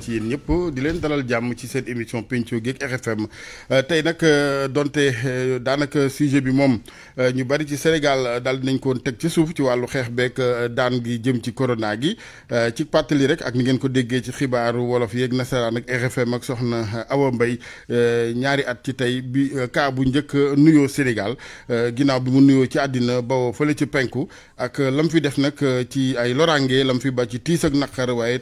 ci yéen ñëpp di leen dalal jàmm ci seen émission Pencco gi ak RFM euh, tey nag euh, donte euh, daanaka sujet bi moom ñu bari ci Sénégal daal nañ koon teg ci suuf ci wàllu xeex beeg daan gi jëm ci corona gi ci pàttali rek ak ni ngeen ko déggee ci xibaaru wolof yeeg nasaraan ak RFM ak soxna Awa Mbaye ñaari at ci tey bi cas bu njëkk nuyoo Sénégal ginnaaw bi mu nuyoo ci àddina ba fële ci penku ak lam fi def nag ci ay loraange lam fi ba tiis ak naqar waaye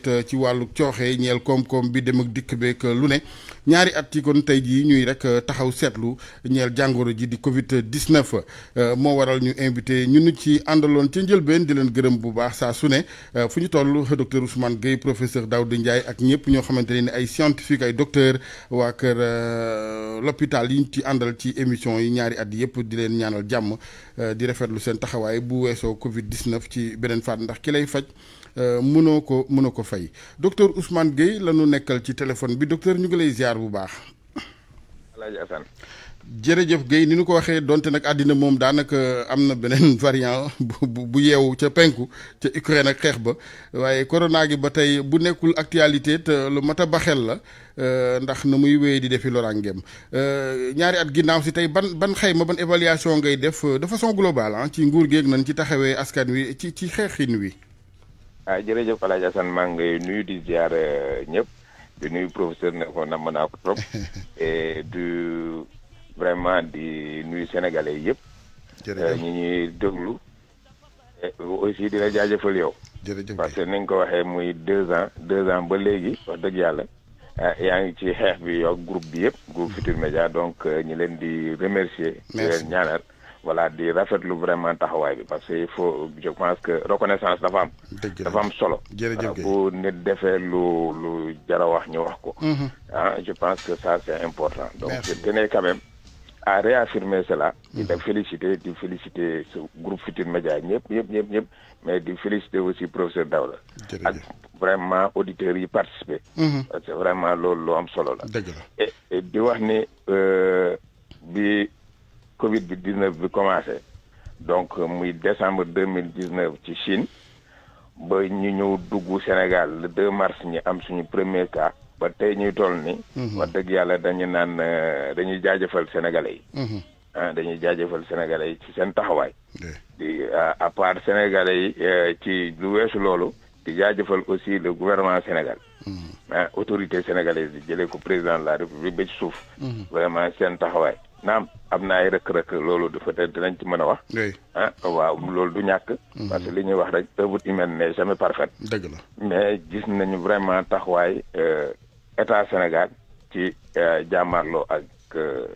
ñeel koom bi dem ak dikk beeg lu ne ñaari at yi kon tey jii ñuy rek euh, taxaw seetlu ñeel jàngoro ji di Covid 19 euh, moo waral ñu invité ñu nu ci àndaloon ci njëlbeen di leen gërëm bu baax saa su ne euh, fu ñu toll docteur Ousmane Gueye professeur Daouda Ndiaye ak ñëpp ñoo xamante ni ay scientifique ay docteur waa kër l'hôpital yi ñu ci àndal ci émission yi ñaari at yëpp di leen ñaanal jàmm di rafetlu seen taxawaay bu weesoo Covid 19 ci beneen faat ndax ki lay faj. Euh, mënoo ko mënoo ko fay docteur Ousmane Gueye la ñu nekkal ci téléphone bi docteur ñu ngi lay ziar bu baax. jërëjëf Guèye ni ñu ko waxee donte nag àddina moom daanaka am na beneen variant bu bu yeewu ca penku ca Ukraine ak xeex ba waaye corona gi ba tey bu nekkul actualité te lu mat a baxel la euh, ndax na muy wéyee di defi loraangeem euh, ñaari at ginnaaw si tey ban ban ma ban évaluation ngay def de façon globale ah, ci nguur geeg nañ ci taxawee askan wi ci ci xeexin wi. ah jërëjëf El Hadj Assane maa nuyu di ziar euh, ñëpp di nuyu professeur ne na mën naa ko trop et du vraiment di nuyu sénégalais yëpp. jërëjëf euh, ñi ñuy déglu. aussi di la jaajëfal yow. jërëjëf parce que ni nga ko waxee muy deux ans deux ans ba léegi wax dëgg yàlla. Ah, yaa ngi ci xeex bi yow groupe bi yëpp. groupe Futurs Médias donc euh, ñi leen di remercier. di leen ñaanal. voilà di rafetlu vraiment taxawaay bi parce que il faut je pense que reconnaissance dafa am. dafa am solo. jërëjëf bu nit defee lu lu jara wax ñu wax ko. Mhm. ah je pense que ça c'est important. donc je tenais quand même à réaffirmer cela. di la di féliciter su groupe Futurs Médias ñëpp ñëpp ñëpp ñëpp mais di féliciter aussi professeur Daouda. ak vraiment auditeurs yi participer. Mhm. parce vraiment loolu lu am solo la. di wax ni euh, bi. Covid bi 19 bi commencé donc euh, muy décembre 2019 ci Chine ba ñu ñëw dugg Sénégal le 2 mars ñu am suñu premier cas. ba tey ñuy toll ni mhm. wax dëgg yàlla dañu naan euh, dañuy jaajëfal sénégalais yi. Mhm. Ah, dañuy jaajëfal sénégalais yi ci seen taxawaay. di à part sénégalais yi euh, ci lu weesu loolu. di jaajëfal aussi le gouvernement Sénégal. Mhm. Ah, autorité sénégalaise di jëlee ko président la république ba ci suuf. vraiment seen taxawaay. naam am na ay rëkk-rëkk loolu dafa te nañ ci mën a wax. ah waaw loolu du ñàkk. Mhm. parce que li ñuy wax rek œuvre humaine n'est jamais parfaite. dëgg la mais gis nañu vraiment taxawaay euh, état Sénégal ci euh, jàmmarloo ak euh,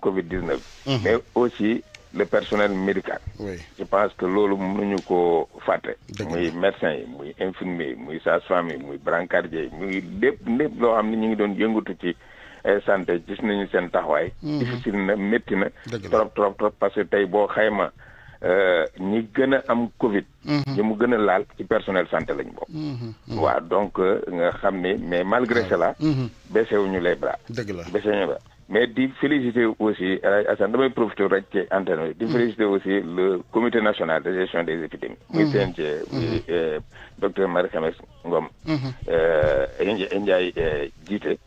Covid 19. Mhm. mais aussi le personnel médical. je pense que loolu mënuñu ko fàtte. muy médecin yi muy infirmier yi muy sage-femme yi muy brancardier yi muy lépp lépp loo xam ne ñu ngi doon yëngatu ci. santé gis nañu seen taxawaay. Mhm. difficile na métti na. trop trop trop parce que tey boo xayma euh, ñi gën a am Covid. Mhm. ñi mu gën a laal ci personnel santé lañ bokk. Mhm. waa donc euh, nga xam ne mais malgré cela. baissé wu ñu dëgg la baissé ñu la. mais di féliciter aussi Assane damay profiter rek ci antenne bi di mm. féliciter aussi le comité national de gestion des épidémies mm-hmm. muy CNG mm-hmm. muy euh, docteur Marie Khemesse Ngom mm-hmm. euh, Ndiaye euh, jiite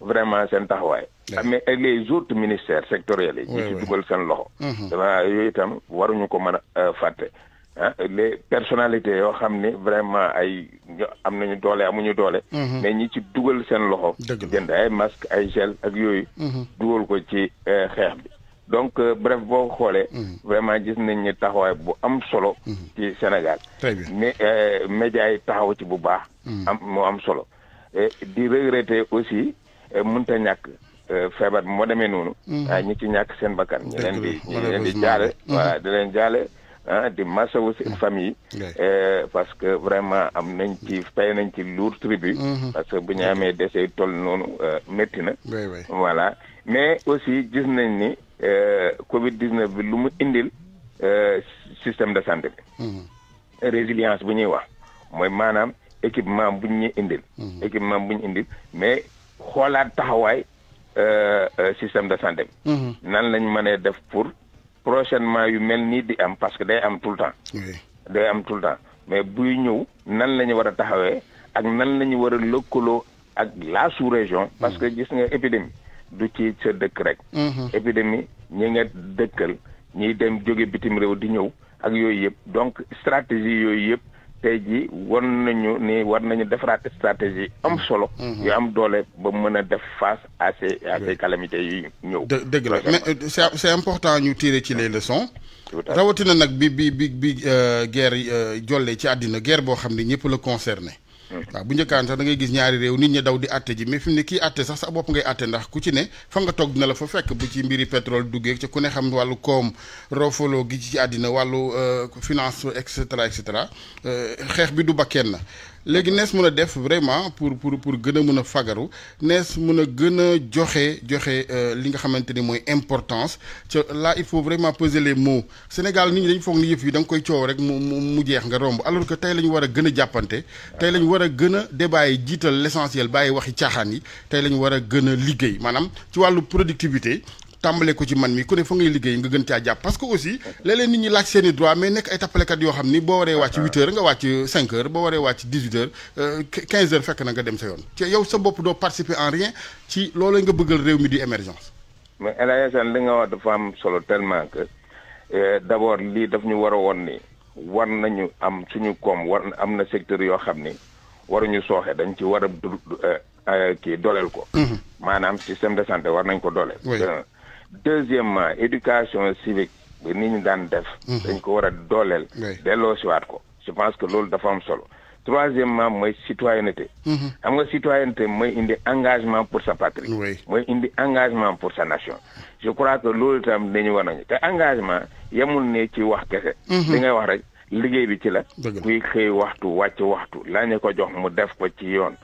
vraiment seen taxawaay ah, mais les autres ministères sectoriels yi ñu ci dugal seen loxo dama yooyu itam waruñu ko mën fàtte ah personalité personnalités yoo xam ne vraiment ay am nañu doole amuñu doole. Mhm. mais ñi ci dugal seen loxo. jënd ay masque ay gel ak yooyu. Mhm. dugal ko ci eh, xeex bi. donc euh, bref boo xoolee. Mhm. vraiment gis nañ ne taxawaay bu am solo. ci Sénégal. très bien mais euh, médias yi taxaw ci bu baax. am mu am solo. di regretter aussi euh, mënut a ñàkk. feebar moo demee noonu. ñi ci ñàkk seen bakkan. ñu leen di jaale. voilà di leen jaale. ah di masawu seen mm. famille. Euh, parce que vraiment am nañ ci fay nañ ci lourd tribut. Mm-hmm. parce que bu ñu amee décès toll noonu euh, métti na. voilà mais aussi gis nañ ni euh, Covid 19 bi lu mu indil système de santé bi. Mm-hmm. résilience bu ñuy wax mooy maanaam équipement bu ñu indil. Mm-hmm. équipement bu ñu indil mais xoolaat taxawaay système de santé bi. nan lañ mënee def pour. prochainement yu mel nii di am parce que day am tout day am tout temps mais buy ñëw nan la ñu war a taxawee ak nan la ñu war a lëkkaloo ak la sous-région. parce que gis nga épidémie du ci sa dëkk rek. Mhm. épidémie ñi nga dëkkal ñiy dem jóge bitim réew di ñëw ak yooyu yëpp donc stratégie yooyu yëpp. tey jii wan nañu ni war nañu defaraat stratégie am mm-hmm. solo. Mm-hmm. yu am doole ba mën a def face à ces à ces yi ñëw. dë dëgg la mais euh, c'est important ñu tirer ci les leçons. rawatina nag bi bi bi bi euh, guerre euh, jolle ci àddina guerre boo xam ne ñëpp la concerné. waaw bu njëkkaan sax da gis ñaari réew nit ñi daw di àtte ji mais fi mu ne kii àtte sax sa bopp ngay àtte ndax ku ci ne fa nga toog dina la fa fekk bu ci mbiri pétrole duggee ci ku ne xam wàllu koom roofaloo gi ci àddina wàllu euh, finance et cetera et cetera euh, xeex bi du ba kenn léegi nees mun a def vraiment pour pour pour gën a mën a fagaru nees mun a gën a joxe joxe euh, li nga xamante ni mooy importance ca la il faut vraiment peser les mots Sénégal nit ñi dañu foog ni yëf yi da nga koy coow rek mu mu jeex nga romb alors que tey la ñu war a gën a jàppante. tey lañu war a gën a débat yi jiital l' essentiel bàyyi waxi caaxaan yi tey la ñu war a gën a liggéey maanaam ci wàllu productivité. tàmbale ko ci man mi ku ne fa ngay liggéey nga gën caa jàpp parce que aussi léeg-léeg nit ñi laaj seen i droit mais nekk ay tappalekat yoo xam ni boo waree wàcc huit heures nga wàcc cinq heures boo waree wàcc dix huit heures euh, quinze heures fekk na nga dem sa yoon ci yow sa bopp doo participer en rien ci loolu nga bëggal réew mi di émergence mais li nga wax dafa am solo tellement que euh, d' abord lii daf ñu war a woon ni war nañu am suñu koom war am na secteur yoo xam ni waruñu sooxe dañ ci war a euh, kii dooleel ko mhm. maanaam système de santé war nañ ko dooleel deuxièmement éducation civique bi ni ñu daan def. Mhm. dañ ko war a dooleel. delloo siwaat ko je pense que loolu dafa am solo. troisièmement mooy citoyenneté. Mhm. xam nga citoyenneté mooy indi engagement pour sa patrie. mooy indi engagement pour sa nation. je crois que loolu itam dañu war nañu te engagement yemul ni ci wax kese. Mhm. li ngay wax rek liggéey bi ci la. kuy xëy waxtu wacc waxtu laa ko jox mu def ko ci yoon.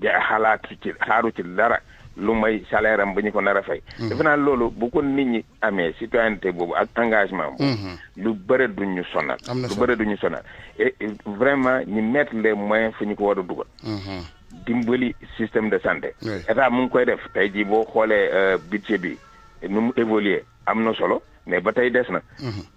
ja xalaatu ci xaaru ci dara. lu may salaire am ba ñu ko nar a fay. Mhm. defe naa loolu bu ko ni ñi amee citoyenneté boobu ak engagement boobu. Mhm. lu bëre du ñu sonal. lu bëre du ñu sonal et vraiment ñu mettre le moyen fu ñu ko war a dugal. Mhm. dimbali système de santé. état mu ngi koy def tey jii boo xoolee euh, budget bi nu mu évoluer am na solo mais ba tey des na.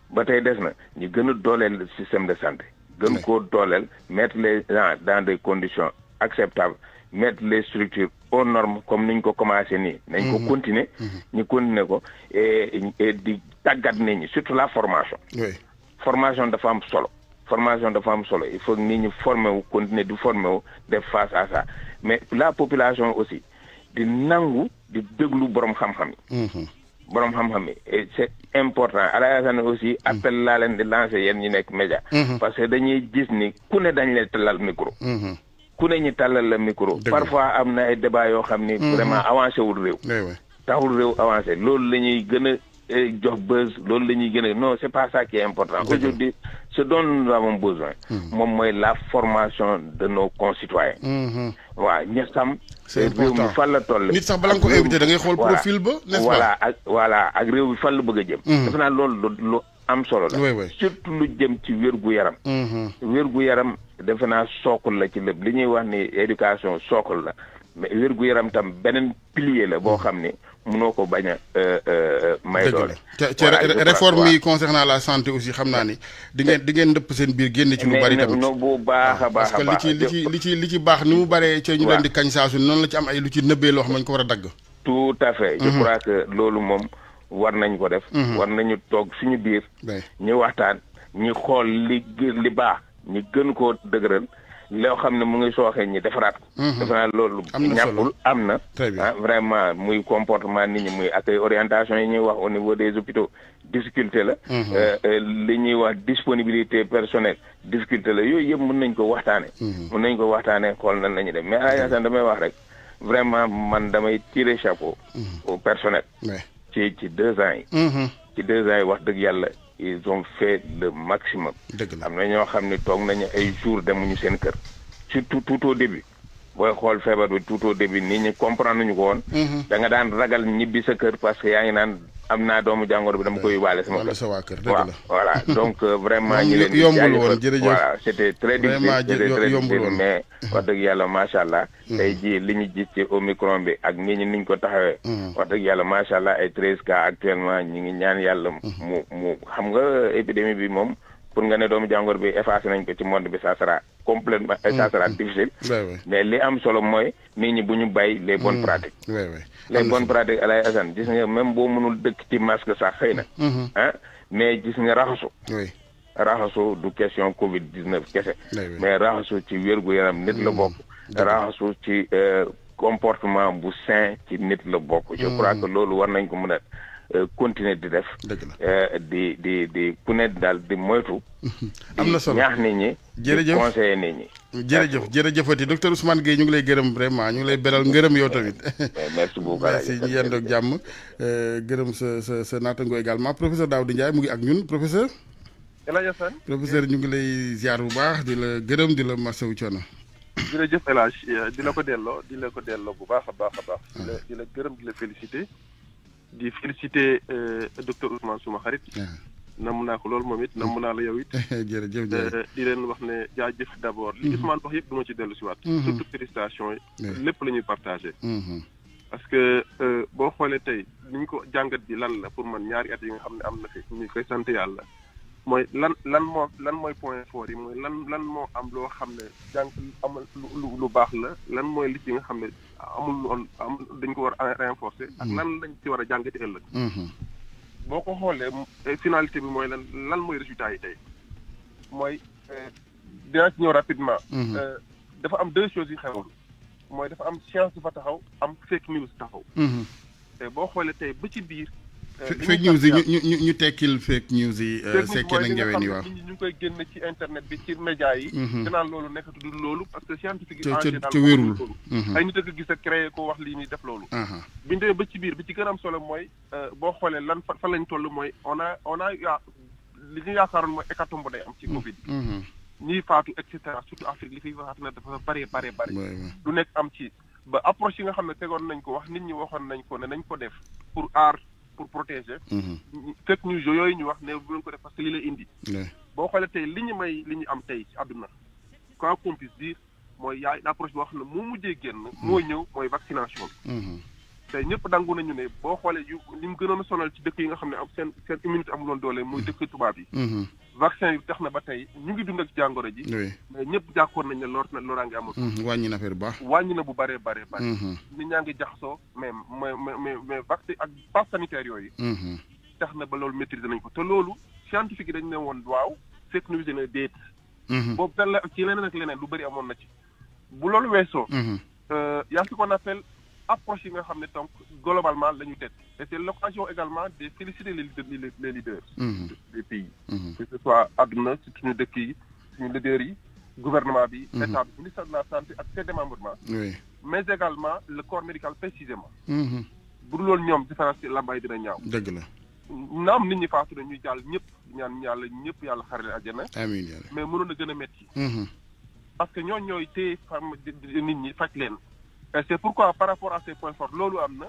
ba tey des na ñu gën a dooleel système de santé. gën koo dooleel mettre le gens dans des conditions acceptables. mettre les structures aux norme comme niñ ko commencé nii. nañ ko mhm. continuer. Mhm. ñu continuer ko et di tàggat nit ñi surtout la formation. formation dafa am solo. formation dafa am solo il faut que nit ñi former wu continuer di former de def face à ça mais la population aussi di nangu di déglu borom xam-xam mhm. borom xam-xam yi et c'est important alaayasane aussi appel laa leen di lancer yéen ñi nekk média. parce que dañuy gis ni ku ne dañ leen talal micro. ku ne ñu tàllal la micro. parfois am na ay débat xam ni. Mhm. vraiment avancé wul réew. taxul réew avancé loolu la ñuy a eh, jox buzz loolu la ñuy gën a non c'est pas ça qui est important. aujourd'hui ce dont nous besoin. Mhm. moom mooy la formation de nos concitoyens. Mhm. waaw ña xam. c'est eh, réew mi fan la toll. nit sax bala nga ko invité da ngay xool profil ba. nest ak voilà ak réew mi fan la bëgg a jëm. defe naa loolu lu am solo la. surtout lu jëm ci wér gu yaram. Mm-hmm. wér gu yaram defe naa sookul la ci lépp li ñuy wax ni éducation sookul la mais wér yaram tam beneen pilier la boo mm-hmm. xam ne mënoo ko bañ a euh, euh, may doole. te réforme yi concernant la santé aussi xam naa ni di ngeen di ngeen ndëpp seen biir génn ci lu bari tamit mais bu baax a baax a baax parce ci li ci li ci mu baree. ci ñu leen kañ saasu noonu la ci am ay lu ci nëbbee loo xam ne ko war a dagg. tout à fait. je mm-hmm. crois que loolu moom. war nañ ko def. Mhm. war nañu toog suñu biir. ñu waxtaan ñu xool li li baax ñu gën koo dëgëral loo xam ne mu ngi sooxee ñi defaraat ko. Mhm. defe naa loolu. ñàkkul am na. Ah, vraiment muy comportement nit ñi muy accueil orientation yi ñuy wax au niveau des hôpitaux difficulté la. Mhm. Euh, euh, li ñuy wax disponibilité personnelle difficulté la yooyu yëpp mun nañ ko waxtaanee. mun nañ ko waxtaanee xool nan la ñuy def mais ay ah, damay wax rek vraiment man damay tirer chapeau. au personnel. ci ci deux ans yi. Mm-hmm. ci deux ans yi wax dëgg yàlla ils ont fait le maximum. am na ñoo xam ne toog nañu ay jours demuñu seen kër. surtout tout au début. booy xool feebar bi tout au début nit ñi ñu ko woon. Mm-hmm. da daan ragal ñibbi sa kër parce que yaa ngi naan am naa doomu jàngoro bi dama koy waale sama kër. sama kër dëgg la voilà donc euh, vraiment. ñu leen di yombul woon jërëjëf voilà c' était très difficile yombul woon mais wax dëgg yàlla macha allah. Hmm. tey jii li ñu gis ci omicron bi ak nit ñi niñ ko taxawee. Hmm. wax dëgg yàlla macha allah ay treize cas actuellement ñu ngi ñaan yàlla. Hmm. mu mu xam nga épidémie bi moom pour nga ne doomu jàngoro bi effacé nañ ko ci monde bi ça complètement ça sera difficile. mais li am solo mooy nit ñi bu ñu bàyyi les bonnes mm-hmm. pratiques. les bonnes pratiques El Hadj Assane gis nga même boo mënul dëkk ci masque sax xëy na. Mm-hmm. ah mais gis raxasu. raxasu du question Covid 19 kese. mais raxasu ci wér-gu-yaram nit la bokk. Mm-hmm. raxasu ci euh, comportement bu sain ci nit la bokk. je crois que loolu war nañ ko mën a. Euh, continuer di def. Euh, di di di ku ne daal di moytu. am na solo ñaax nit ñi. jërëjëf di conseiller nit ñi. jërëjëf jërëjëfati docteur Ousmane Gueye ñu ngi lay gërëm vraiment ñu ngi lay beral ngërëm yow tamit. merci beaucoup merci ñu yendoog jàmm. Euh, gërëm sa sa sa naatango également professeur di Ndiaye mu ngi ak ñun professeur. professeur ñu ngi lay ziar bu baax di la gërëm di la masawu coono. jërëjëf El Hadj di la ko delloo di la ko delloo bu baax a baax a baax. di la di la gërëm di la félicité. di félicité euh, docteur Ousmane suma xarit. Ah. namm naa ko loolu moom it namm naa la yow it. jërëjëf euh, di leen wax ne jaajëf d' abord. li Ousmane mhm. wax yëpp duma ma ci dellu si waat. Mhm. surtout félicitation yi. lépp la ñuy partagé. Mhm. parce que euh, boo xoolee tey ni ko jàngat bi lan la pour man ñaari at yi nga xam ne am na fi ñu koy sant yàlla. mooy lan lan moo lan mooy point fort yi mooy lan lan moo am loo xam ne jàng amal lu baax la lan mooy li yi nga xam ne. amul woon amul dañ ko war a renforcer. ak lan hmm. lañ ci war a jàngati ëllëg. Hmm. boo ko xoolee eh, finalité bi mooy lan lan mooy résultat yi tey mooy eh, daa ci ñëw rapidement. Hmm. Eh, dafa am deux choses yu mooy dafa am science dafa taxaw am fake news taxaw. te boo xoolee tey ba ci biir. Euh, fake news yi ñu ñu ñu tekkil fake news yi. Euh, sekkee nag ngeween yi waaw ñu ngi koy génn ci internet bi ci média yi. Mhm. loolu nekk loolu parce que scientifique yi. en général te wérul mhm. a ko gis def loolu. ba ci biir bi ci gën a solo mooy euh, boo xoolee lan fa fan lañ toll mooy on a li ñu yaakaaroon mooy hécatombe bu day am ci mhm. Covid. ñiy faatu et cetera surtout Afrique li fiy faatu na dafa bëree bëree bëri. du nekk am ci ba approche yi nga xam ne tegoon nañ ko wax nit ñi waxoon nañ ko ne nañ ko def pour aar. pour protéger. Mhm. fake news yooyu ñu wax ne bu leen ko def parce que lii la indi. boo xoolee tey li ñu may li ñu am tey ci àdduna. quoi qu'on puisse dire mooy yaay approche boo xam ne mu mujjee génn. Mhm. moo ñëw mooy vaccination bi. Mhm. tey ñëpp dangu nañu ne boo xoolee yu li mu gënoon a sonal ci dëkk yi nga xam ne am seen seen immunité amuloon doole muy dëkk tubaab yi. vaccin yi tax na ba tey ñu ngi dund ak jàngoro ji. mais ñëpp jàkkoon nañ ne lor na loraange amul. wàññi na baax. wàññi na bu bëree bëree bëri. nit ñaa ngi jaxasoo mais mais mais mais vaccin ak pass sanitaire yooyu. tax na ba loolu maîtriser nañ ko te loolu scientifique yi dañ ne woon waaw fekk nu na déet. boobu daal le ci leneen ak leneen lu bëri amoon na ci bu loolu weesoo. Euh, y a ce qu'on approche yi nga xam ne donc globalement la ñu teg et c'est l'occasion également de féliciter les leaders les leaders mhm. des pays mhm. que ce soit àdduna si suñu dëkk yi suñu leaders yi gouvernement bi mhm. état bi ministère de la santé ak ses démembrements mais également le corps médical précisément bu dul loolu ñoom différence ci làmbaay dina ñaaw dëgg la naam nit ñi faatu na ñuy jàll ñëpp ñaan yàlla ñëpp yàlla xarale àjjana amiin mais mënoon a gën a métti parce que ñooñu ñooy téye femme et c'est pourquoi par rapport à ces points forts loolu am na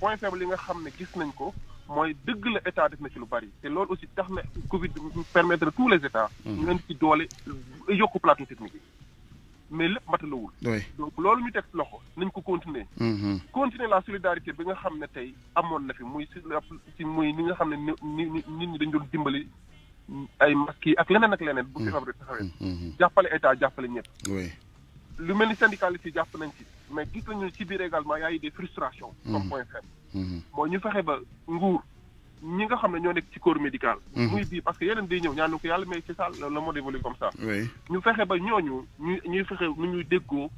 point faible li nga xam ne gis nañ ko mooy dëgg la état def na ci lu bari te loolu aussi tax na Covid permettre tous les états. Mmh. ñu leen ci doole yokku plateau technique yi mais lépp matalawul. donc loolu ñu teg loxo nañ ko continuer. Mmh. continuer la solidarité bi nga xam ne tey amoon na fi muy si muy ni nga xam ne ni nit ñi dañ doon dimbali ay masques yi ak leneen ak leneen. bu fi fabrique mmh. taxawee. jàppale état jàppale ñëpp. lu mel ni syndicaliste yi jàpp nañ ci. mais gis nañu ci biir également y a eu des frustrations. Mmh. comme point faible. Mmh. mooy ñu fexe ba nguur ñi nga xam ne ñoo nekk ci corps médical. Mmh. muy bii parce que yeneen day ñëw ñaanu ko yàlla mais c'est ça le monde évolue comme ça. ñu fexe ba ñooñu ñu ñuy fexe nu ñuy déggoo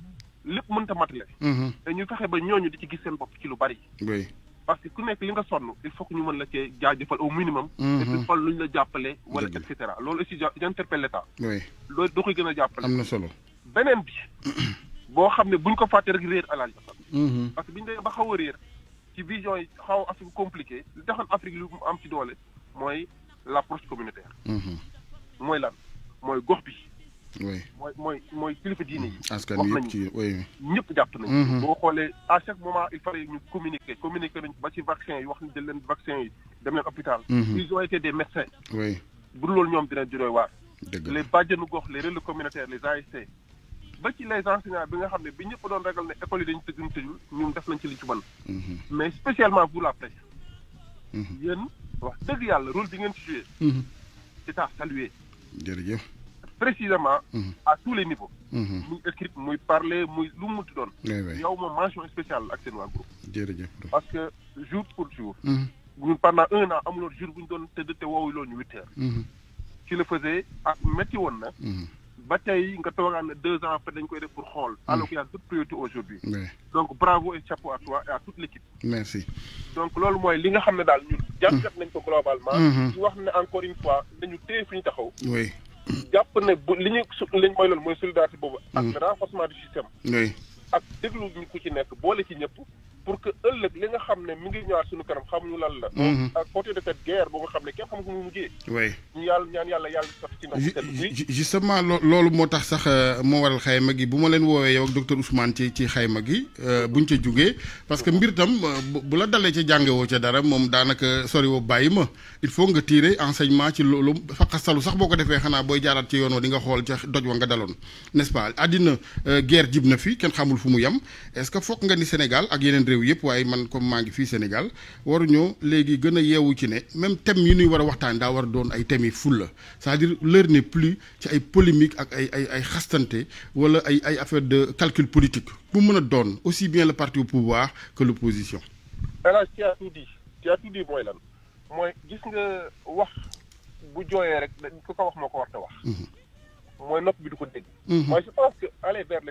lépp mënta matale. te ñu fexe ba ñooñu di ci gis seen bopp ci lu bari. parce que ku nekk li nga sonn il faut que ñu mën la cee jaajëfal au minimum. et puis xool lu ñu la jàppale. wala et cetera loolu aussi j'interpelle l'État. loolu doo koy gën a jàppale. am na solo boo xam ne buñ ko fàtte rek réer El Hadj Assane parce que biñu dee ba xaw a réer ci vision yi xaw Afrique compliqué li taxoon Afrique lu am ci doole mooy l'approche communautaire mhm. mooy lan mooy gox bi mooy mooy mooy kilifa diine yi mmh. askan wi yëpp ci oui nañ mmh. boo xoolee à chaque moment il fallait ñu communiquer communiquer nañ ba ci vaccin yi wax ni jël leen vaccin yi dem leen hôpital mmh. ils ont été des médecins oui bu loolu ñoom dina juróoy waar les bàjjanu gox les relais communautaires les ASC ba ci les enseignants bi nga xam ne bi ñëpp doon ragal ne école yi dañu tëj ñu tëjul ñun def nañ ci li ci mën. Mhm. mais spécialement vous la presse. Mhm. yéen wax dëgg yàlla rôle bi ngeen ci joué. Mhm. c'est à saluer. précisément. à tous les niveaux. muy écrit muy parler muy lu mu munti doon. yow moom mention spéciale ak seen waa groupe. parce que jour pour jour. ñun pendant un an amuloon jour bu ñu doon tëdd te woowuloon ñu huit heures. ci la faisait ak ah, métti woon na. ba tey nga toogaan ne deux ans après dañ koy def pour xool. Mm. alors qu'il y a d'autres priorités aujourd'hui donc bravo et chapeau à toi et à toute merci. donc loolu mooy li nga xam ne daal ñun. jàngat mm. nañ ko globalement. ñu mm-hmm. wax ne encore une fois dañu téye fi ñu taxaw. oui jàpp ne bu li ñu su li ñu mooy loolu mooy solidarité boobu. ak mm. renforcement du système. oui ak déglu ñu ku ci nekk boole ci ñëpp. pour que ëllëg li nga xam ne mi ngi ñëwaat suñu kanam xamuñu lan la. moom côté de boo xam ne kenn xamu ko mu yàlla yàlla yàlla sax ci ndox moo tax sax euh, moo waral xayma gi bu ma leen woowee yow ak docteur ci ci xayma gi euh, buñ ca jugee parce que mbir tam euh, bu la dalee ca jàngewoo ca dara moom daanaka sori woo bàyyi ma il faut nga tiire enseignement ci loolu faqasalu sax boo ko defee xanaa booy jaaraat ci yoon wa di nga xool ca doj wa nga daloon n'est-ce pas àddina guerre jib na fi kenn xamul fu mu yem est-ce que foog nga ni Sénégal ak yeneen réew réew yëpp waaye man comme maa ngi fii Sénégal waruñoo léegi gën a yeewu ci ne même thème yu nuy war a waxtaan daa war doon ay thèmes yi ful la c'est-à-dire l'heure n'est plus ci ay polémique ak ay ay ay xastante wala ay ay affaire de calcul politique bu mën a doon aussi bien le partie au pouvoir que l'opposition. alors tu as tout dit mooy lan mooy gis nga wax bu jooyee rek ku ko wax moo ko war a wax. Mhm. mooy nopp bi du ko dégg. Mhm. mooy je pense que aller vers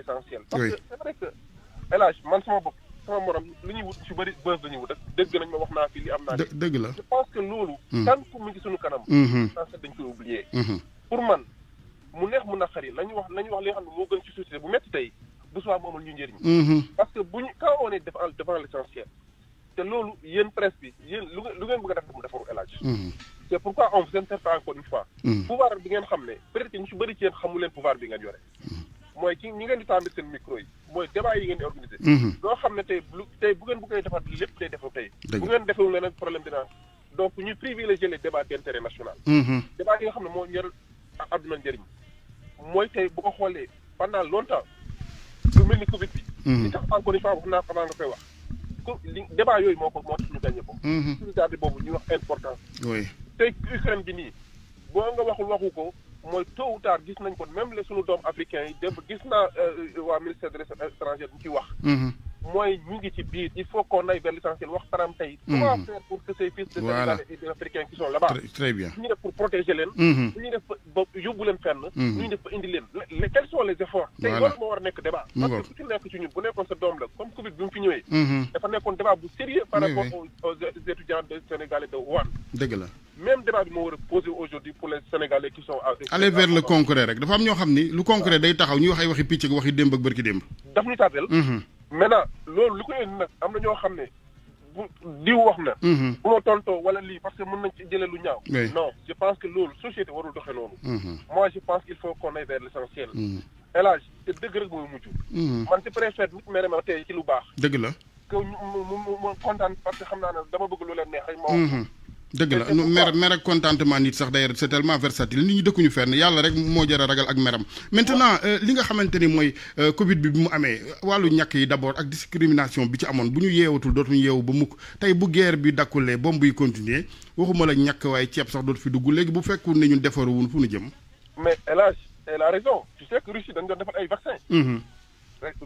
sama morom lu ñuy wut su bëri bës la wut ak dégg nañ ma wax naa fii li am naa. dë dëgg la je pense que loolu. tant hmm. que mu ngi suñu kanam. Hmm. en fait dañ koy oublier. Hmm. pour man mu neex mu naqari nañu wax nañu wax li nga xam ne moo gën ci société bu métti tey bu soobee mu amal ñu njëriñ. parce que bu ñu quand on est devant l'essentiel te loolu yéen presse bi yéen lu ngeen lu ngeen bëgg a def mu defaru El Hadj. c'est pourquoi on vous interpelle encore une fois. pouvoir xam ne peut bëri ci yéen xamu leen pouvoir bi ngeen yore. mooy ci ñi ngeen di tàmbali seen micro yi mooy débat yi ngeen di mhm. loo xam ne tey lu tey bu ngeen bu koy defaat lépp day defu tey. bu ngeen defewul ne nag problème dina donc ñu privilégié les débats d' intérêt national. Mhm. débat yi nga xam ne moo ñor àdduna njëriñ mooy tey bu ko xoolee pendant longtemps lu mel ni Covid bi. Mhm. li tax encore une fois wax naa xanaa nga koy wax. ko li débat yooyu moo ko moo tax ñu gagné ko. solidarité boobu ñu wax importance. bi nii boo nga waxul waxu ko. mooy tôt ou tard gis nañ ko même les sunu doom africain yi démb gis naa euh, euh, waa ministère des affaires étrangères bu wax. Mm-hmm. mooy ñu ngi ci biir il faut qu'on aille vers l'essentiel waxtaanam tey. Mhm. comment faire pour très bien pour protéger leen. Mhm. ñu ñu def ba yóbbu leen fenn. Mhm. ñu def ba indi leen. quels sont les efforts. tey loolu moo war a nekk débat. parce que ku ci nekk ci ñun bu nekkoon sa doom la comme Covid bi mu fi ñëwee. dafa nekkoon débat bu sérieux par rapport aux étudiants de Sénégalais de Wuhan. dëgg la. même débat bi moo war a posé aujourd'hui pour les Sénégalais qui sont. aller vers am ñoo xam ni lu concret day taxaw ñuy maintenant loolu li ko indi nag am na ñoo xam ne bu diw wax na. Mhm. bu tonto tontoo wala lii parce que mën nañ ci jëlee lu ñaaw. non je pense que loolu société warul doxee noonu. Mhm. moi je pense qu'il faut qu'on aille vers l'essentiel. élage mhm. te dëgg rek mooy mujj. man ci préfet nit mere ma tey ci lu baax. dëgg la. que mu mu mu kontaan parce que xam naa ne dama bëgg lu leen neex moom dëgg la mer mer ak contentement nit sax d'ailleurs c'est tellement versatile nit ñi dëkkuñu fenn yàlla rek moo jar a ragal ak meram maintenant euh, li nga xamante ni mooy euh, Covid bi bi mu amee wàllu ñàkk yi d'abord ak discrimination bi ci amoon bu ñu yeewatul dootuñu yeewu ba mukk tey bu guerre bi dakkulee bomb yi continuer waxuma la ñàkk waaye ceeb sax dootu fi dugg léegi bu fekku ne ñun defaru wun fu nu jëm mais a raison tu sais ay vaccin mm-hmm. rek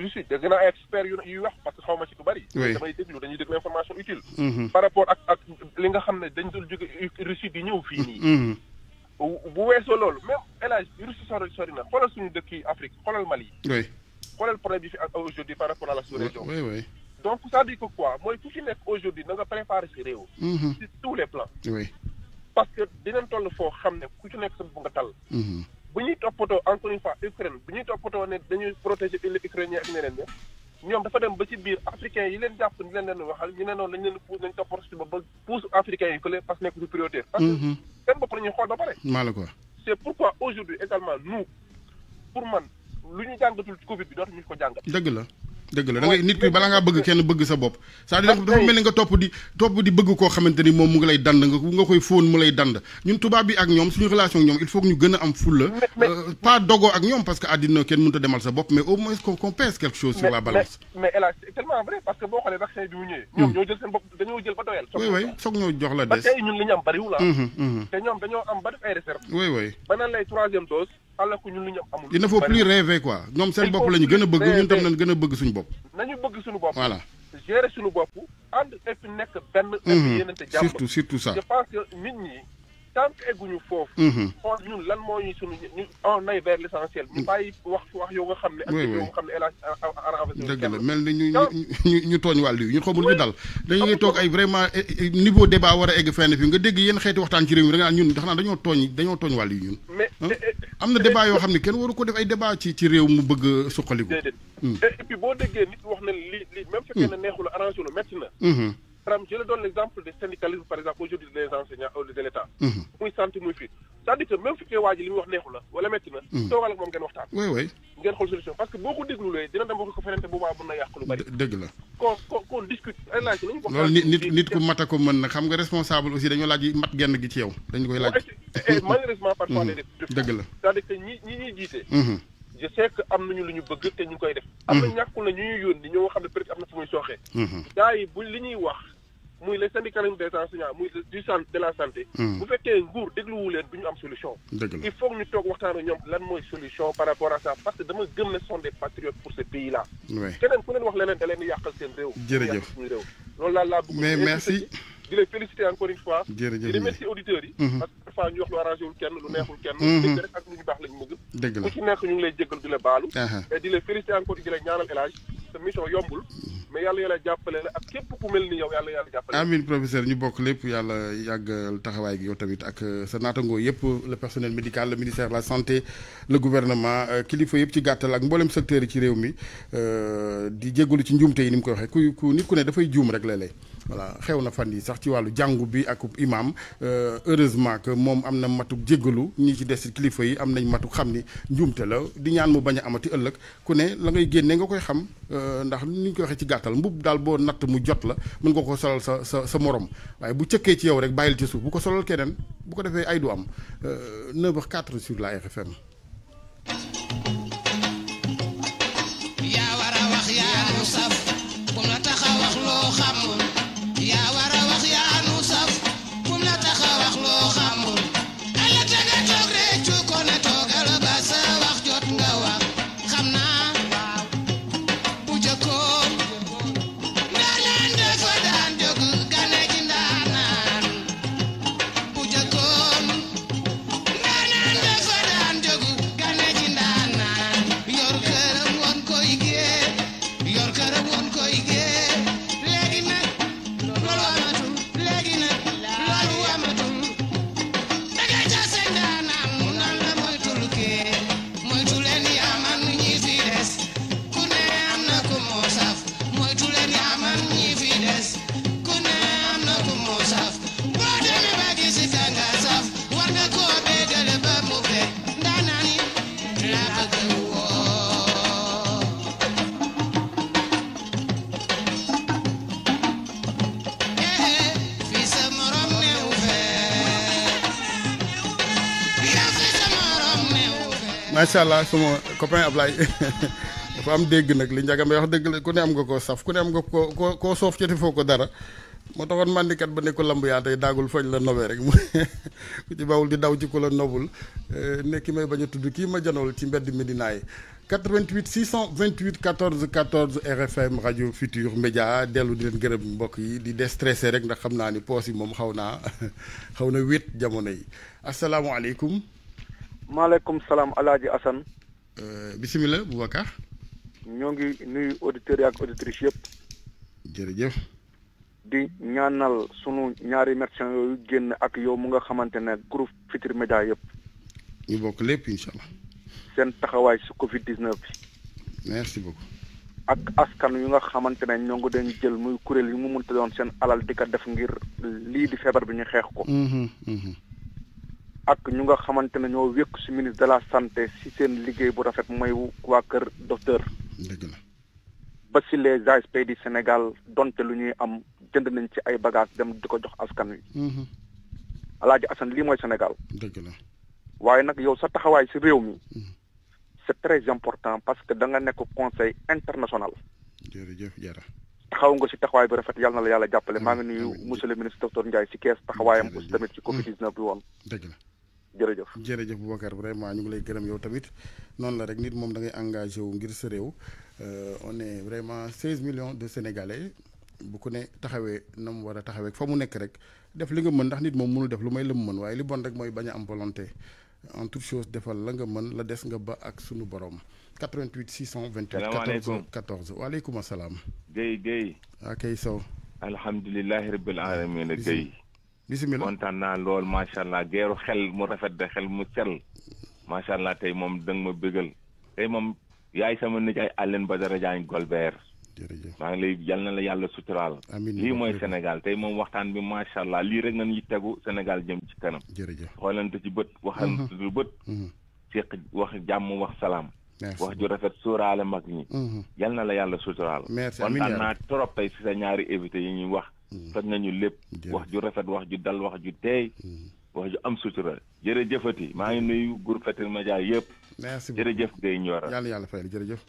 Russie dégg naa expert yu yuy wax parce que xaw ma ci lu bari. damay déglu dañuy déglu information utile. Mm-hmm. par rapport ak ak li nga xam ne dañ dul jóge Russie di ñëw fii nii. Mm-hmm. bu weesoo loolu même El Hadj Russie sori suñu dëkk yi Afrique xoolal Mali. oui xoolal problème bi fi ak aujourd'hui par rapport à la sous-région. oui donc ça dit que quoi mooy ku ci nekk aujourd'hui na nga préparer si réew. Mm-hmm. sur tous les plans. oui parce que dinañ toll foo xam ne ku ci nekk sa bu bu ñuy toppatoo encore une fois Ukraine bu ñuy toppatoo ne dañuy protéger île ukrainien ak ñeneen ñoom dafa dem ba ci biir africain yi leen jàpp ni leen leen waxal ñu ne noonu lañ leen pousse nañ toppatoo si ba ba pousse africain yi fële parce que nekk priorité. parce que mhm. seen bopp la ñuy xool ba pare. maa la ko wax c' pourquoi aujourd'hui également nous pour man lu ñu jàngatul ci Covid bi dootuñu ko jàngat. dëgg la. dëgg la da ngay nit ki bala ngaa bëgg kenn bëgg sa bopp c'est-à-dire ah, dafa mel ni nga topp di topp di bëgg koo xamante ni moom mu ngi lay dand nga nga koy fóon mu lay dand ñun tubaab bi ak ñoom suñu il faut ñu gën a am fulla euh, pas dogoo ak ñoom parce que àddina kenn mënut a demal sa bopp mais au moins qu'on pèse quelque chose sur la balance mais hélas c'est tellement vrai parce que boo hmm. ñoo jël seen jox la des vaccin yi alors que ñun lu ñu am amul. il ne faut plus rêver quoi ñoom seen bopp la ñu gën a bëgg ñun tam nañ gën a bëgg suñu bopp. nañu bëgg suñu bopp. voilà gérer suñu bopp ànd et puis te mhm. jàmm surtout surtout ça. je pense que tant que egguñu foofu. Mhm. xool ñun lan moo ñu suñu mm. ñu on wax wax yoo nga xam ne. ak yoo nga xam ne hélas dëgg la mel ni ñu ñu ñu tooñ wàll yi ñu xamul ñu dal. dañuy toog ay vraiment eh, eh, niveau débat war a egg fenn fi nga dégg yenn xeeti waxtaan ci réew mi da nga naan ñun ndax dañoo tooñ dañoo tooñ wàll yi ñun. Eh, am na débat yoo xam ne kenn waru ko def ay débat ci ci réew mu bëgg a suqaliku. Hmm. boo déggee nit wax na lii lii même hmm. fekkee ne neexul arrangé lu métti na Pram, je le donne l'exemple des syndicalisme, par exemple, aujourd'hui des enseignants au lieu de l'État. Mhm. muy sant muy fit c'est-à-dire que même fi koy waa ji li muy wax neexu la wala métti na. Mhm. toogal ak moom ngeen waxtaan. oui oui ngeen xool solution parce que boo ko dégluwee dina dem wax ko feneen te boobaa mën na yàq lu bari. dëgg la kon kon kon discute ay laaj nañu wax. loolu nit nit ku mat a ko mën na xam nga responsable aussi dañoo laaj mat genn gi ci yow. dañu koy laaj malheureusement parfois day mhm. def. dëgg la c'est-à-dire que ñi ñi ñuy jiite. je sais que am nañu lu ñu bëgg te ñu koy def. am na ñàkkul na ñu ñuy yónni ñoo xam ne peut-être am na fu muy sooxee. gars yi buñ li ñuy wax muy les syndicats des enseignants muy du centre de la santé. Hmm. bu fekkee nguur dégluwu du ñu am solution. il faut ñu toog waxtaan ak ñoom lan mooy solution par rapport à ça parce que dama gëm ne sont pour ce pays là. keneen ku leen wax leneen da leen di yàqal seen réew. loolu daal laa bëgg. mais merci. di lay féliciter encore une fois. jërëjëf di remercier auditeurs yi. Mhm. parce wax lu arrangé kenn lu neexul kenn. lu mhm. ñu baax lañ bëgg. dëgg la ku ci di la baalu. encore di lay mission yombul. Mhm. mais yàlla yàlla jàppale la ak képp ku mel ni yow yàlla yàlla jàppale la. ñu bokk lépp yàlla yàggal taxawaay gi yow tamit ak euh, sa naatangoo yëpp la personnel médical le ministère de la santé le gouvernement euh, kilifa yëpp ci gàttal ak mboolem secteur yi ci réew mi euh, di jégalu ci njuumte yi ni mu koy waxee ku ku nit ku ne dafay juum rek léeg voilà xew na fan yi sax ci wàllu jàngu bi ak imaam euh, heureusement que moom am na matuk jéggalu ñu ci des kilifa yi am nañ matuk xam ni njuumte la di ñaan mu bañ a amati ëllëg ku ne la ngay génne nga koy xam euh, ndax ni ñu ko waxee ci gàttal mbub daal boo natt mu jot la mën nga ko solal sa sa sa morom waaye bu cëkkee ci yow rek bàyyil ci suuf bu ko solal keneen bu ko defee ay du am 9h04 euh, sur la RFM macha allah sama copain Ablaye dafa am dégg nag li njagam wax dëgg la ku ne am nga koo saf ku ne am nga koo koo koo soof ci foo ko dara moo taxoon màndikat ba ne ko lamb yaa tey daagul fañ la nobee rek mu ku ci bawul di daw ci ku la nobul eh, nekki may bañ tudd kii ma janool ci mbedd Medina yi 88 628 14 14 RFM rajo Futur Média dellu di leen gërëm mbokk yi di déstressé rek ndax xam naa ni poos yi moom xaw naa xaw na wéet jamono yi asalaamaaleykum. maaleykum salaam El Hadj Assane. Euh, bisimilah Boubacar. ñoo ngi nuyu auditeurs yi ak auditrices yëpp. jërëjëf. di ñaanal suñu ñaari médecins yooyu génn ak yow mu nga xamante ne groupe Futurs Médias yëpp. ñu bokk lépp incha allah. seen taxawaay si Covid 19 bi. merci beaucoup. ak askan yu nga xamante ne ñoo ngi dañ jël muy kuréel yi mu mënta doon seen alal di ko def ngir lii di feebar bi ñu xeex ko. Mhm, mhm. ak ñu nga xamante ne ñoo wékk si ministre de la santé si seen liggéey bu rafet mooy waa kër docteur. dëgg la ba les ASP du Sénégal donte lu ñuy am jënd nañ ci ay bagages dem di ko jox askan wi. Mhm. Alaaji Assane lii mooy Sénégal. dëgg la waaye nag yow sa taxawaay si réew mi. Mhm. c'est très important parce que da nga nekk conseil international. jërëjëf jara taxaw nga si taxawaay bi rafet yàlla na la yàlla jàppale mhm. maa ngi nuyu monsieur ministre docteur Ndiaye si kees taxawaayam aussi jërëjëf jërëjëf Boubacar vraiment ñu ngi lay gërëm yow tamit noonu la rek nit moom da ngay engagé wu ngir sa réew euh, on est vraiment 16 million de sénégalais bu ko ne taxawee na mu war a taxawee fa mu nekk rek def li nga mën ndax nit moom mënul def lu may la mu mën waaye li bon rek mooy bañ a am volonté en toute chose defal la nga mën la des nga ba ak sunu borom. 88 628. salaamaaleykum 14 14 waaleykum salaam. Guèye Guèye. akay ah, Sow. alhamdulilah rabbil alamin Guèye. bisimilah kontaan naa lool macha allah geeru xel mu rafet de xel mu sell macha allah tey moom danga ma bëggal tey moom yaay sama nijaay Alioune Badara Diagne Golbert maa ngi lay yal na la yàlla suturaal lii mooy Sénégal tey moom waxtaan bi macha allah lii rek nañ yi tegu Sénégal jëm ci kanam xoolante ci bët waxante ci mhm. bët mhm. séq wax jàmm wax salaam wax ju rafet sóoraale mag ñi mhm. yal na la yàlla suturaal kontaan naa trop tey si sa ñaari évité yi ñuy wax faj mm. nañu lépp wax ju rafet wax ju dal wax ju teey mm. wax ju am sutura jërëjëfati maa ngi nuyu groupe Futurs Médias yëpp merci jërëjëf Guèye Ndiora yàlla yàlla fay jërëjëf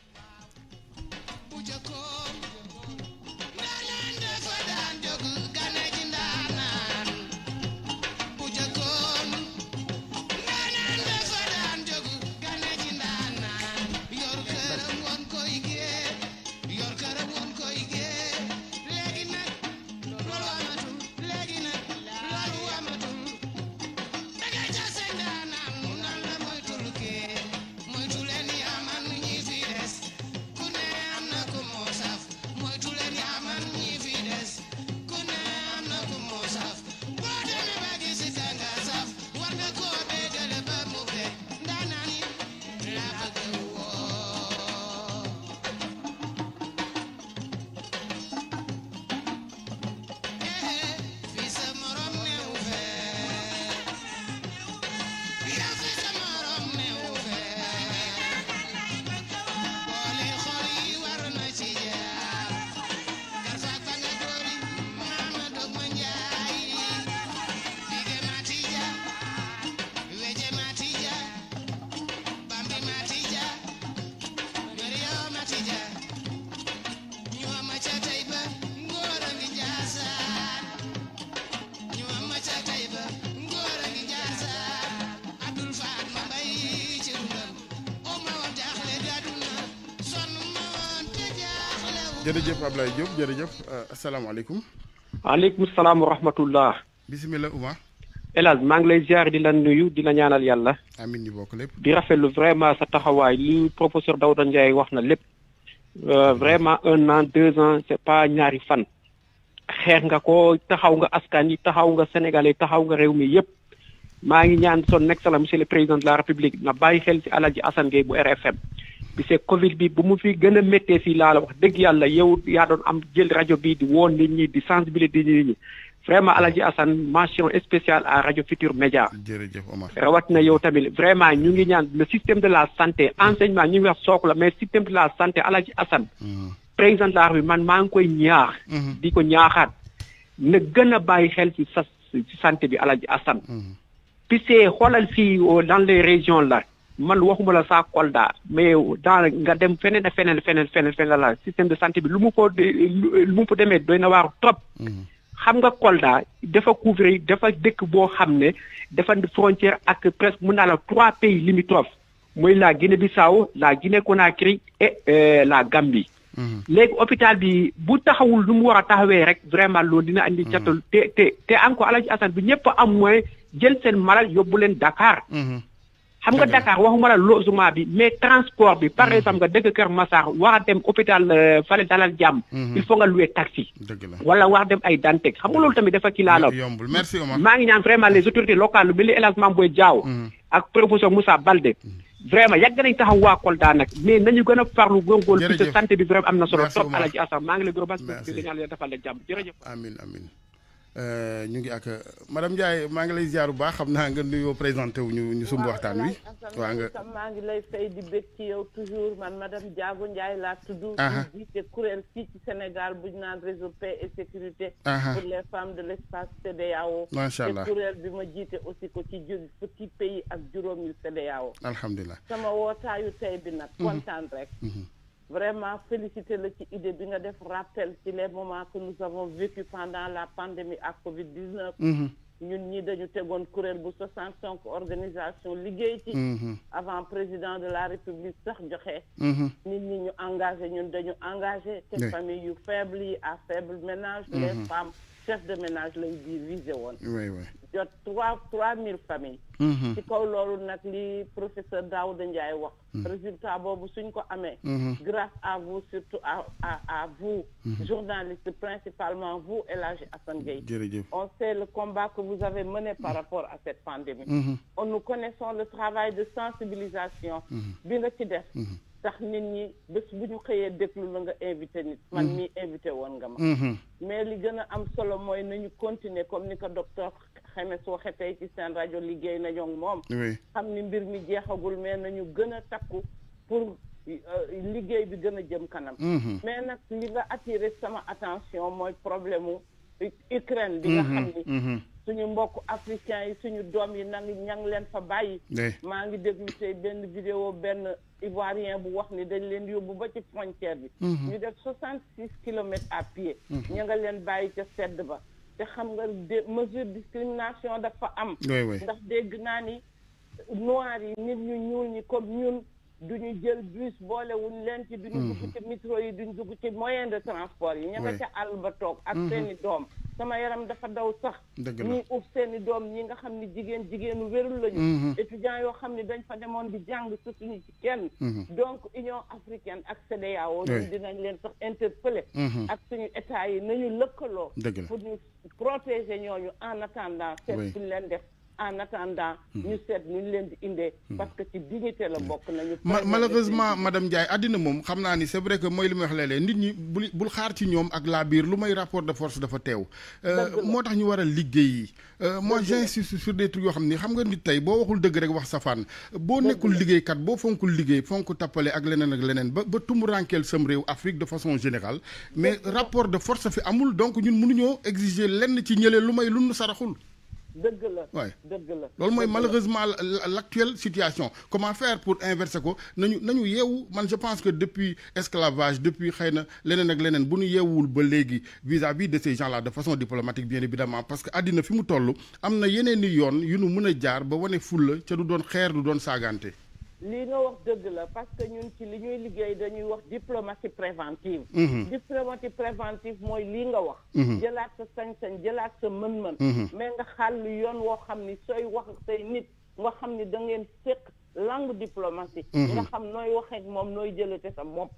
jërëjëf Ablaye Diop jërëjëf euh, asalaamaaleykum. waaleykum salaam wa rahmatullah. bisimilah Ouma. El Hadj maa ngi lay ziar di la nuyu di la ñaanal yàlla. amiin ñu bokk lépp. di rafetlu vraiment sa taxawaay li professeur Daouda Ndiaye wax na lépp. Euh, vraiment un an deux ans c'est pas ñaari fan. xeex nga ko taxaw nga askan yi taxaw nga sénégalais taxaw nga réew mi yëpp. maa ngi ñaan son excellence monsieur le président de la république na bàyyi xel ci El Hadj Assane Gueye bu RFM. bi see Covid bi bu mu fi gën a méttee fii laa la wax dëgg yàlla yow yaa doon am jël rajo bi di woon nit ñi di sensibiliser nit ñi vraiment Alaji assan mention spéciale à Radio Futur Média. jërëjëf Omar rawat na yow tamit vraiment ñu ngi ñaan le système de la santé enseignement ñu ngi sook la mais système de la santé Alaji Assane. Hmm. président de la République man maa ngi koy ñaax. Hmm. di ko ñaaxaat na gën a bàyyi xel ci sa ci bi Alaji Assane. Hmm. puis xoolal fii oh, dans les régions la man waxuma la saa Kolda mais dans nga dem feneen ak feneen feneen feneen feneen la système de santé bi lu mu ko lu mu ko demee doy na waaru trop. Mhm. xam nga Kolda defa couvrir dafa dëkk boo xam ne dafa frontière ak presque mun naa la trois pays limitrophes moy la Guinée-Bissau la Guinée-Conakry et euh, la Gambie. Mhm. léegi hôpital bi bu taxawul nu mu war a taxawee rek vraiment loolu dina andi jatal mhm. te te te encore Alaaji Assane bi ñëpp am mooy jël seen malal yóbbu leen Dakar. xam nga Dakar waxuma la logement bi mais transport bi par mhm. exemple nga dëgg Kër Massar war a dem hôpital euh, fale dalal jàmm mhm. il a nga louer taxi wala wax dem ay Dantec xam nga loolu tamit dafa kii maa ngi ñaan vraiment les autorités locales lu mel ni El Hadj Mamboy Diaw mhm. ak vraiment yàgg nañ taxaw waa Kolda mais nañu gën a farlu góorgóorlu puisque santé bi vraiment am na solo trop Alaaji Assane maa ngi lay gërëm parce que dañaa leen defal Euh, ñu ngi ak euh, madame Ndiaye maa ngi lay ziar bu baax xam naa nga nuyoo présenté wu ñu ñu waxtaan wi. waa nga maa ngi lay fay di bëgg ci yow toujours man madame Diago Ndiaye laa tudd. di jiite kuréel fii ci Sénégal bu ñu naan réseau paix et sécurité. pour les femmes de l' espace macha allah te kuréel bi ma jiite aussi ko ci jóg fukki pays ak juróom yu CEDEAO. alhamdulilah sama wootaayu tey bi nag mhm. kontaan rek. Mhm. vraiment féliciter la ci idée bi nga def rappel ci les moments que nous avons vécu pendant la pandémie ak Covid-19 mhm. ñun ñi dañu tegoon kuréel bu soixante-cinq organisation liggéey ci mhm. avant président de la république sax joxe mhm. nit ñi ñu engagé ñun dañu engagé te famille yu faible yi à faible ménage les femmes chefs de ménage lay di visé woon jot trois trois mille familles mhm. ci kaw loolu nag li professeur Daouda Ndiaye wax mhm. résultat boobu suñ ko amee mhm. grâce à vous surtout à à à vous journalistes principalement vous El Hadji Assane Gueye on sait le combat que vous avez mené par rapport à cette pandémie on nous connaissons le travail de sensibilisation bi nga ci def tax nit ñi bés bu ñu xëyee déglu na nga invité nit man mm-hmm. mii invité woon nga ma mm-hmm. mais li gën a am solo mooy nañu continuer comme ni ko docteur Xemes waxe tey ci seen rajo liggéey nañoo ak moom xam ni mbir mi jeexagul mais nañu gën a takku pour euh, liggéey bi gën a jëm kanam mm-hmm. mais nag li nga attiré sama attention mooy problème Ukraine bi mhm, xam ni mhm. suñu mbokk africain yi suñu doom yi nang ñang leen fa bàyyi maa ngi déglu tey benn vidéo benn ivoirien bu wax ni dañ leen yóbbu ba ci frontière bi mhm. ñu def soixante six kilomètres à pied ña leen bàyyi ca sedd ba te xam nga de mesure discrimination dafa am ndax dégg naa ni noir yi nit ñu ñuul ñi comme ñun du ñu jël bus boolewuñ leen ci duñu dugg mhm. ci métro yi duñ dugg ci moyen de transport yi ña nga ca àll ba toog ak mhm. seeni doom sama yaram dafa daw sax ñi uf seeni doom ñi nga xam ne jigéen jigéenu wérul lañu mhm. étudiant yoo xam ne dañ fa demoon di jàng suñu ci kenn donc Union africaine ak CEDEAO ñun dinañ leen sax interpellé ak suñu état yi nañu lëkkaloo pour ñu protéger ñooñu en attendant seet suñ leen def en attendant. Hmm. ñu nu ñu leen di indee. Hmm. parce que ci dignité hmm. malheureusement madame Ndiaye àddina moom xam naa ni c'est vrai que mooy li may wax léeg nit ñi bul bul xaar ci ñoom ak laa biir lu may rapport de force dafa teew. Euh, moo tax ñu waral liggéey liggéey. Euh, moi j'insiste sur des trucs yoo xam ni xam nga nit tey boo waxul dëgg rek wax safaan. boo nekkul liggéeykat boo fonkul liggéey fonk tappale ak leneen ak leneen ba ba tumurankeel sam réew Afrique de façon générale. mais rapport de force fi amul donc ñun mënuñoo exiger lenn ci ñële lu may lu saraxul. dëgg la waay dëgg la loolu mooy malheureusement l'actuelle situation comment faire pour inverser ko nañu nañu yeewu man je pense que depuis esclavage depuis xëy na leneen ak leneen bu ñu yeewul ba léegi vis-à-vis de ces gens-là de façon diplomatique bien évidemment parce que àddina fi mu toll am na yeneen i yoon yu nu mën a jaar ba wane fulla ca du doon xeer du doon saagante lii nga wax dëgg la parce que ñun ci li ñuy liggéey dañuy wax diplomatie préventive mhm. diplomatie préventive mooy lii nga wax mhm. jëlaat sa sañ-sañ jëlaat sa mën-mën mhm. mais nga xàll yoon woo xam ni sooy wax say nit nga xam ni da ngeen séq langue diplomatie nga xam nooy waxeek moom nooy jëlate sa bopp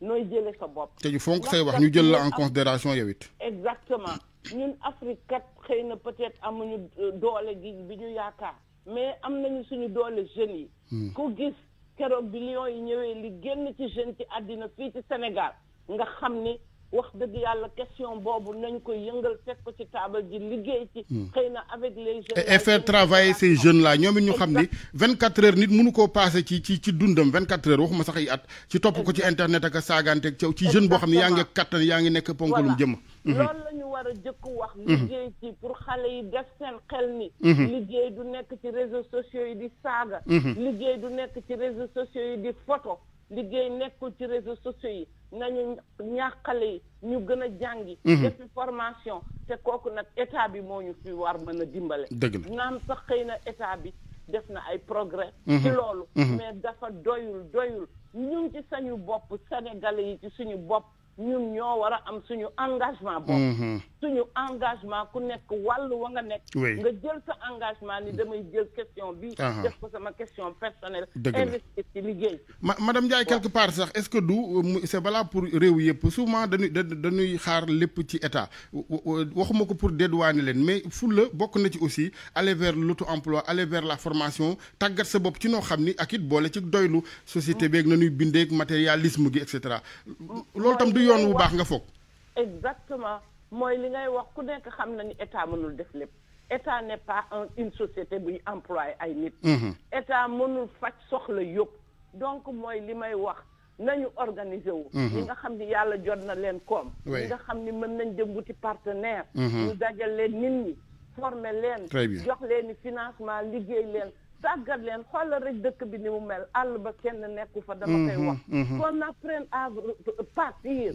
nooy jële sa bopp te ñu fonk say wax ñu jël la en considération yow it exactement ñun Afrique kat xëy na peut-être ñu euh, doole gi bi ñu yaakaar mais am nañu suñu doole jeunes yi. Hmm. ku gis keroog bi Lions yi ñëwee li génn ci jeune ci àddina fii ci Sénégal nga xam ni wax dëgg yàlla question boobu nañ ko yëngal teg ko ci taabal ji liggéey ci. Hmm. xëy na avec les jeunes. et faire travailler ces jeunes là ñu xam ni. 24 heures nit mënu koo passé ci ci ci dundam 24 heures waxuma sax ay at. ci topp ko ci internet ak a saagaanteeg caw ci jeune boo xam ne yaa ngi kattan yaa ngi nekk ponkalum jëmm. Mhm. loolu la ñu war a jëkk wax mhm. liggéey ci pour xale yi def seen xel ni mhm. liggéey du nekk ci réseau sociaux yi di saaga liggéey du nekk ci réseaux sociaux yi di photo liggéey nekkul ci réseaux sociaux yi nañu ñaax xale yi ñu gën a jàngi defi formation te kooku nag état bi moo ñu fi war mën a dimbale dëgg na naam sax xëy na état bi def na ay progrès ci loolu mais dafa doyul doyul ñun ci sañu bopp sénégalais yi ci suñu bopp ñun ñoo war a am suñu engagement bopp mm-hmm. suñu engagement ku nekk wàll wa nga nekk. nga jël sa engagement ni damay jël question bi. Ah ah. def ko sama question personnelle. investir ci ma madame Ndiaye quelque part sax est-ce que du euh, c' est valable pour réew yëpp souvent dañuy dañuy xaar lépp ci état waxuma ko pour dédouaner leen mais fulla bokk na ci aussi aller vers l' emploi aller la formation tàggat sa bopp ci noo xam ni ak it boole ci doylu. société mm. beeg na nuy bindeeg matérialisme gi et cetera. loolu tam du yoon wu baax nga foog. mooy li ngay wax ku nekk xam na ni état mënul def lépp état n'est pas un une société buy employé ay nit mhm. état mënul faj soxla yëpp donc mooy li may wax nañu organiser wu mhm. ñi nga xam ni yàlla jot na leen koom ñi nga xam ni mën nañ dem wuti partenaire mhm. ñu dajal leen nit ñi former leen jox leen financement liggéey leen sàggat leen xoolal rek dëkk bi ni mu mel àll ba kenn nekku fa dama mhm, koy wax mhm. qu'on apprenne à partir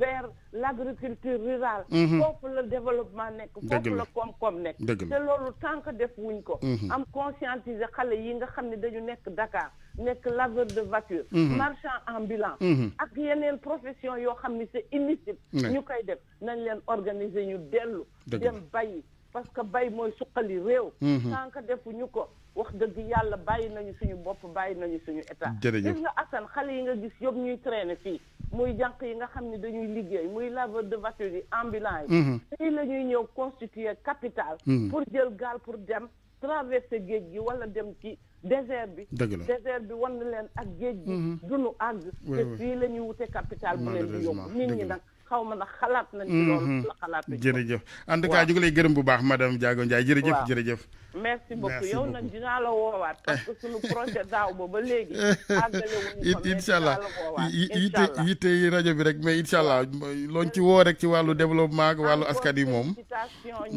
vers l'agriculture rural mhm. foofu la développement nekk foofu la koom-koom nekk te loolu tànk def wuñ ko am conscientiser xale yi nga xam ne dañu nekk Dakar nekk laveur de voiture marchand ambulant ak yeneen profession yoo xam ne c'est illicite ñu koy def nañ leen organiser ñu dellu dem bayi parce que bay mooy suqali réew. Mhm. sànq defuñu ko wax dëgg yàlla bàyyi nañu suñu bopp bàyyi nañu suñu état. jërëjëf gis nga Assane xale yi nga gis yëpp ñuy traîner fii. muy jànq yi nga xam ne dañuy liggéey muy laveur de voiture yi ambulant yi. tey mhm. la ñuy ñëw constituer capital. Mhm. pour jël gaal pour dem traverser géej gi wala dem ci. désert bi désert bi wan na leen ak géej gi. dunu àgg. te fii la ñuy wute capital bu nit ñi nag. xaw ma na xalaat nañ ci loolu mm-hmm. la xalaat jërëjëf en tout cas ñu lay gërëm bu baax madame Diago Ndiaye jërëjëf jërëjëf merci beaucoup yow nag dinaa la woowaat parce que suñu projet daaw ba ba léegi àggalewuñu incha allah yitte yitte yi rajo bi rek mais incha allah looñ ci woo rek ci wàllu développement ak wàllu askan yi moom ñu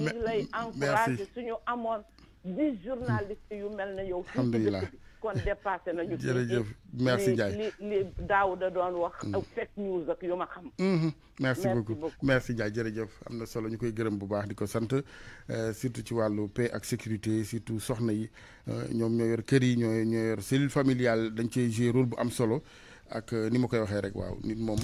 ngi lay encouragé suñu amoon dix journalistes yu mel ne yow alhamdulilah kon dépassé nañu. jërëjëf merci Ndiaye li li daaw da doon wax. Mm. ak fake news ak yu ma xam. Mm-hmm. merci beaucoup merci Ndiaye jërëjëf am na solo ñu koy gërëm bu baax di ko sant euh, surtout ci wàllu paix ak sécurité surtout soxna yi euh, ñoom ñoo yor kër yi ñoo ñoo yor cellule familial dañ cee jouer bu am solo ak euh, ni ma koy waxee rek waaw nit moom.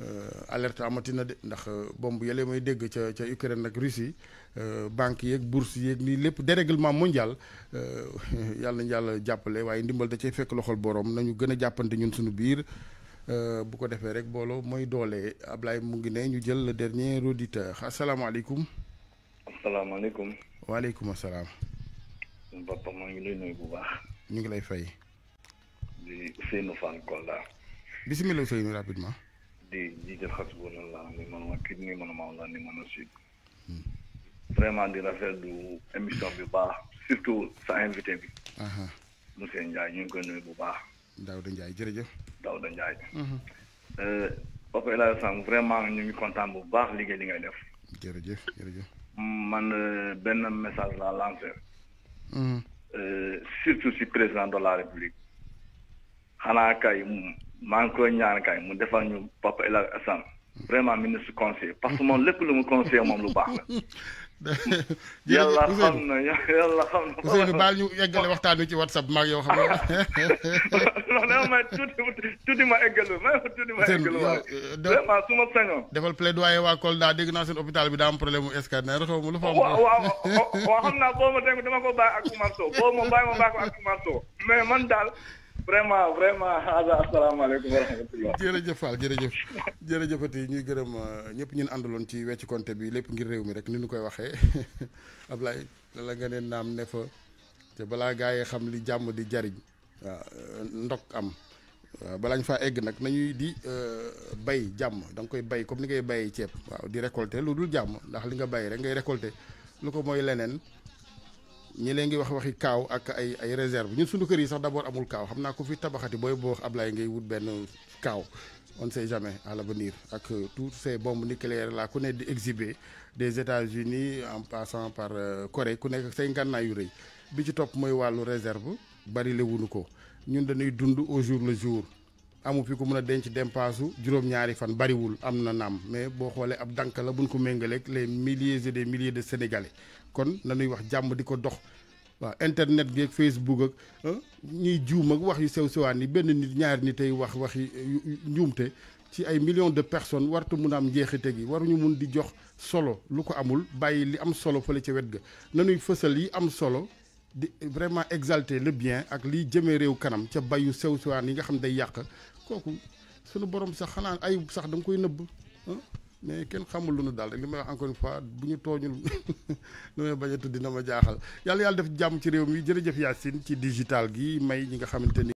Euh, alerte amati na de ndax euh, bomb yële mooy dégg ca ca Ukraine ak Russie euh, banques yeeg bourse yeeg nii lépp dérèglement mondial yàlla nañu yàlla jàppale waaye ndimbal da cay fekk loxol boroom nañu gën a jàppante ñun suñu biir bu ko defee rek booloo mooy doole Ablaye mu ngi ne ñu jël le dernier auditeur asalaamaaleykum. asalaamaaleykum. waaleykum salaam. Papa maa ngi lay nuyu bu baax. ñu ngi lay fay. di Seynou rapidement. di jiital Hasbunallah ni man wakiil ni man mawla ni man asiid hmm. vraiment di rafetlu émission bi bu baax surtout sa invité bi. monsieur Ndiaye ñu ngi koy nuyu bu baax. Daouda Ndiaye jërëjëf. Daouda Ndiaye. Papa El Hadj Samb vraiment ñu ngi kontaan bu baax liggéey li ngay def. jërëjëf jërëjëf. man euh, benn message la lancé. Hmm. Euh, surtout si président de la république. xanaa kay maa ngi koy ñaan mu defal ñu Papa El Hadj Assane vraiment ministre conseil parce moom lépp lu mu conseil moom lu baax la. yàlla xam na yàlla xam na. Ousseynou baal ñu eggale waxtaan wi ci whatsapp ma ak yow xam nga. ma eggalu ma tuuti ma eggalu waaye. Euh, vraiment su ma sañoon. defal plaidoyer waa Kolda dégg naa seen hôpital bi daa am problème mu scanner xaw ma lu fa am. waaw waaw xam naa boo ma dégg dama ko bàyyi ak Oumar Sow boo bàyyi ma bàyyi ko ak Oumar mais man daal. vraiment vraiment asalaamaaleykum jërëjëf Fall jërëjëf jërëjëfati ñuy gërëm euh, ñëpp ñun àndaloon ci wecc konte bi lépp ngir réew mi rek ni nu koy waxee Ablaye la nga ne naam ne fa te balaa gaa yi xam li jàmm di jariñ waaw euh, ndok am waaw balaa ñu faa egg nag nañuy di euh, bay jàmm da koy bay comme ni ngay bayee ceeb waaw di récolter lu dul jàmm ndax li nga bay rek ngay récolter lu ko mooy leneen. ñi leen ngi wax waxi kaaw ak ay ay réserve ñun suñu kër yi sax d'abord amul kaaw xam naa ko fi tabaxati booy boo wax Ablaye ngay wut benn kaaw on ne sait jamais à l'avenir ak euh, toutes ces bombes nucléaires là ku ne di exhiber des États-Unis en passant par euh, Corée ku nekk say ngànnaay rëy bi ci topp mooy wàllu réserve bari lewuñu ko ñun dañuy dund au jour le jour amu fi ko mën a denc dempaasu juróom-ñaari fan bariwul am na naam mais boo xoolee ab dànk la buñ ko méngaleeg les milliers et des milliers de sénégalais kon nañuy wax jàmm di ko dox waaw internet geeg facebook ak ñuy juum wax yu sew sewaan yi benn nit ñaari nit tey wax waxi njuumte ci ay millions de personnes wartu mun a am njeexite gi waruñu mun di jox solo lu ko amul bàyyi li am solo fële ca wet ga na nañuy fësal yi am solo di vraiment exalter le bien ak liy jëmee réew kanam ca bayu sew sewaan yi nga xam day yàq kooku sunu borom sax xanaa ayib sax da koy nëbb mais kenn xamul lu nu daal rek li may wax encore une fois bu ñu tooñul lu may bañ a tudd dina ma jaaxal yàlla yàlla def jàmm ci réew mi jërëjëf Yacine ci digital gi may ñi nga xamante ni.